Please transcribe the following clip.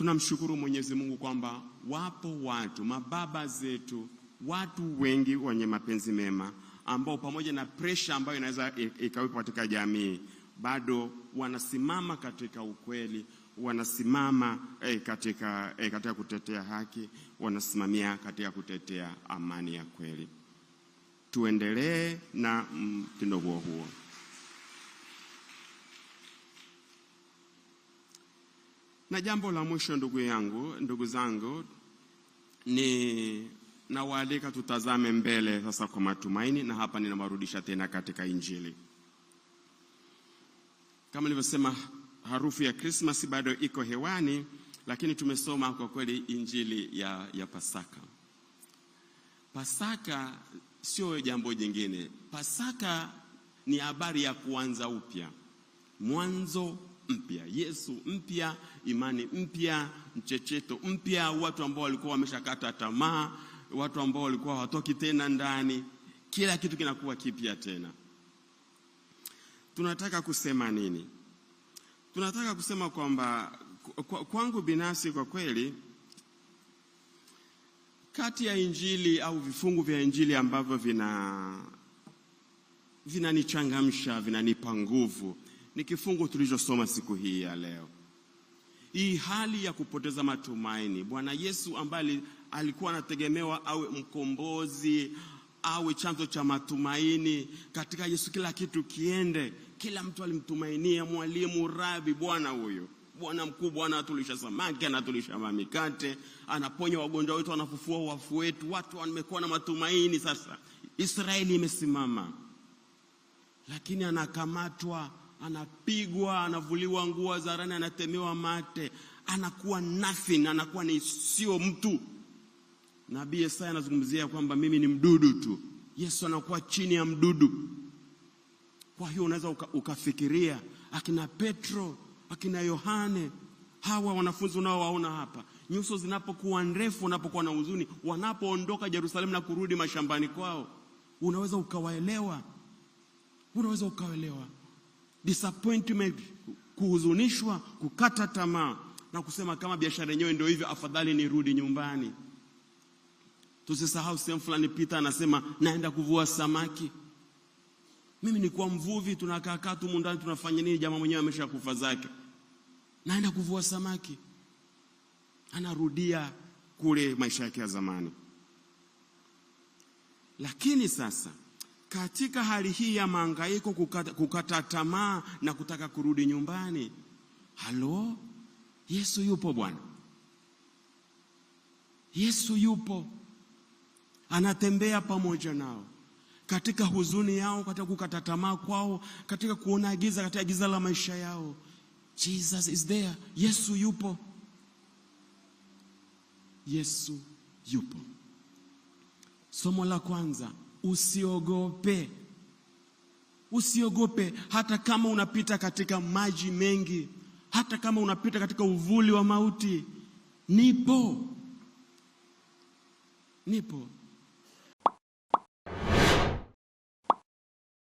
Tunamshukuru Mwenyezi Mungu kwamba wapo watu mababa zetu, watu wengi wenye mapenzi mema ambao pamoja na presha ambayo inaweza ikawepo katika jamii bado wanasimama katika ukweli, wanasimama eh, katika, eh, katika kutetea haki, wanasimamia katika kutetea amani ya kweli. Tuendelee na mm, mtindo huo huo. Na jambo la mwisho, ndugu yangu, ndugu zangu, ni nawaalika tutazame mbele sasa kwa matumaini, na hapa ninawarudisha tena katika Injili. Kama nilivyosema, harufu ya Krismasi bado iko hewani, lakini tumesoma kwa kweli Injili ya, ya Pasaka. Pasaka sio jambo jingine. Pasaka ni habari ya kuanza upya, mwanzo mpya, Yesu mpya, imani mpya, mchecheto mpya, watu ambao walikuwa wameshakata tamaa, watu ambao walikuwa hawatoki tena ndani, kila kitu kinakuwa kipya tena. Tunataka kusema nini? Tunataka kusema kwamba kwangu binafsi, kwa kweli, kati ya injili au vifungu vya injili ambavyo vina vinanichangamsha, vinanipa nguvu ni kifungu tulichosoma siku hii ya leo. Hii hali ya kupoteza matumaini, Bwana Yesu ambaye alikuwa anategemewa awe mkombozi, awe chanzo cha matumaini. Katika Yesu kila kitu kiende, kila mtu alimtumainia, mwalimu, rabi, bwana huyo bwana mkuu, Bwana atulisha samaki, anatulisha mamikate, anaponya wagonjwa wetu, anafufua wafu wetu. Watu wamekuwa na matumaini. Sasa Israeli imesimama, lakini anakamatwa anapigwa, anavuliwa nguo zarani, anatemewa mate, anakuwa nothing, anakuwa ni sio mtu. Nabii Yesaya anazungumzia kwamba mimi ni mdudu tu. Yesu anakuwa chini ya mdudu. Kwa hiyo unaweza uka, ukafikiria akina Petro, akina Yohane, hawa wanafunzi unaowaona hapa, nyuso zinapokuwa ndefu, wanapokuwa na huzuni, wanapoondoka Yerusalemu na kurudi mashambani kwao, unaweza ukawaelewa, unaweza ukawaelewa disappointment, kuhuzunishwa, kukata tamaa na kusema kama biashara yenyewe ndio hivyo, afadhali nirudi nyumbani. Tusisahau sehemu fulani, Peter anasema naenda kuvua samaki. Mimi kwa mvuvi, tunakaa kaa tu mundani, tunafanya nini? Jamaa mwenyewe kufa zake, naenda kuvua samaki. Anarudia kule maisha yake ya zamani, lakini sasa katika hali hii ya mahangaiko, kukata, kukata tamaa na kutaka kurudi nyumbani, halo, Yesu yupo bwana. Yesu yupo anatembea pamoja nao katika huzuni yao, katika kukata tamaa kwao, katika kuona giza, katika giza la maisha yao. Jesus is there. Yesu yupo, Yesu yupo. Somo la kwanza usiogope, usiogope. Hata kama unapita katika maji mengi, hata kama unapita katika uvuli wa mauti, nipo, nipo.